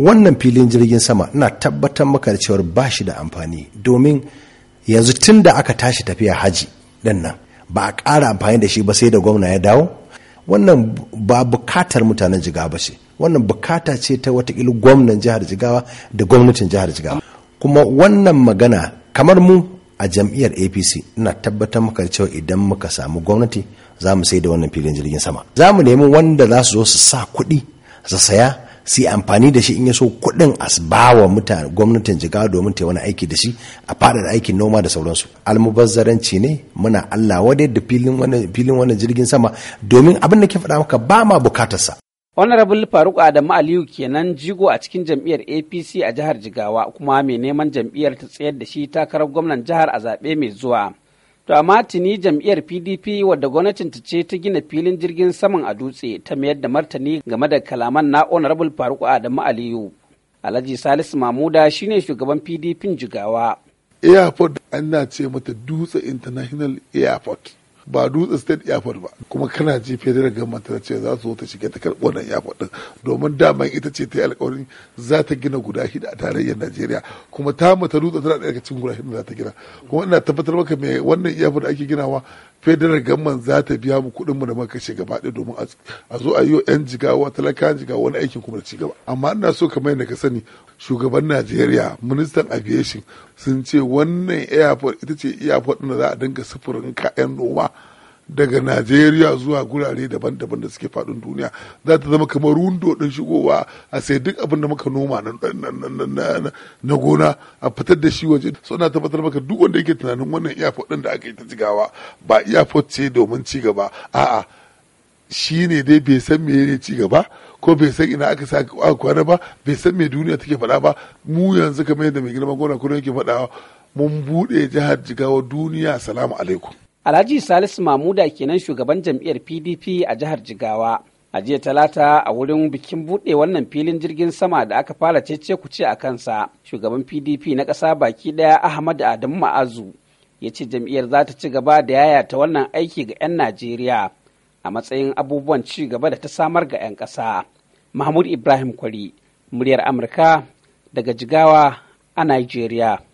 wannan filin jirgin sama ina tabbatar maka da cewar ba shi da amfani domin yanzu tun da aka tashi tafiya haji din nan ba a ƙara amfani da shi ba sai da gwamna ya dawo wannan ba bukatar mutanen jiga ba ce wannan bukata ce ta watakila gwamnan jihar jigawa da gwamnatin jihar jigawa kuma wannan magana kamar mu a jam'iyyar apc ina tabbatar maka cewa idan muka samu gwamnati za mu sai da wannan filin jirgin sama za mu nemi wanda za su zo su sa kuɗi su saya sai amfani da shi in ya so kuɗin asbawa mutane gwamnatin jigawa domin ta wani aiki da shi a fadar aikin noma da sauransu almubazzaranci ne muna allah wadai da filin wani jirgin sama domin abin da ke faɗa maka ba ma bukatarsa Honorable Faruk Adamu Aliyu kenan jigo a cikin jam'iyyar APC a jihar Jigawa kuma mai neman jam'iyyar ta tsayar da shi takarar gwamnan jihar a zaɓe mai zuwa. To amma tuni jam'iyyar PDP wadda gwamnatin ta ce ta gina filin jirgin saman a dutse ta mayar da martani game da kalaman na Honorable Faruk Adamu Aliyu. Alhaji Salisu Mamuda shine shugaban PDP Jigawa. Airport ana ce mata Dutse International Airport. ba dutse state airport ba kuma kana ji federal ga mata ce za su zo ta shiga ta karɓi wannan airport din domin daman ita ce ta yi alƙawarin za ta gina guda shida a tarayyar Najeriya kuma ta mata dutse tana ɗaya daga cikin guda shida za ta gina kuma ina tabbatar maka me wannan airport ake ginawa federal gamman za ta biya mu kuɗin mu da muka kashe gaba ɗaya domin a zo a yi wa 'yan jigawa talakan jigawa wani aikin kuma da ci gaba amma ina so kamar yadda ka sani shugaban najeriya ministan aviation sun ce wannan airport ita ce airport da za a dinga sufurin kayan noma daga najeriya zuwa gurare daban-daban da suke faɗin duniya za ta zama kamar rundo ɗin shigowa a sai duk abin da muka noma na gona a fitar da shi waje suna tabbatar maka duk wanda yake tunanin wannan iyafot ɗin da aka yi ta jigawa ba iyafot ce domin ci gaba a'a shi ne dai bai san me ne ci gaba ko bai san ina aka sa kwana ba bai san me duniya take faɗa ba mu yanzu kamar yadda mai girma gona ko kuma yake faɗawa mun buɗe jihar jigawa duniya salamu alaikum Alhaji Salisu Mamuda kenan shugaban jam'iyyar PDP a jihar Jigawa. A jiya talata a wurin bikin buɗe wannan filin jirgin sama da aka fara cece kuce a kansa, shugaban PDP na ƙasa baki ɗaya Ahmad Adamu Ma'azu ya ce jam'iyyar za ta ci gaba da yayata wannan aiki ga 'yan Najeriya a matsayin abubuwan ci gaba da ta samar ga 'yan ƙasa. Mahmud Ibrahim Kwari, muryar Amurka daga Jigawa a Najeriya.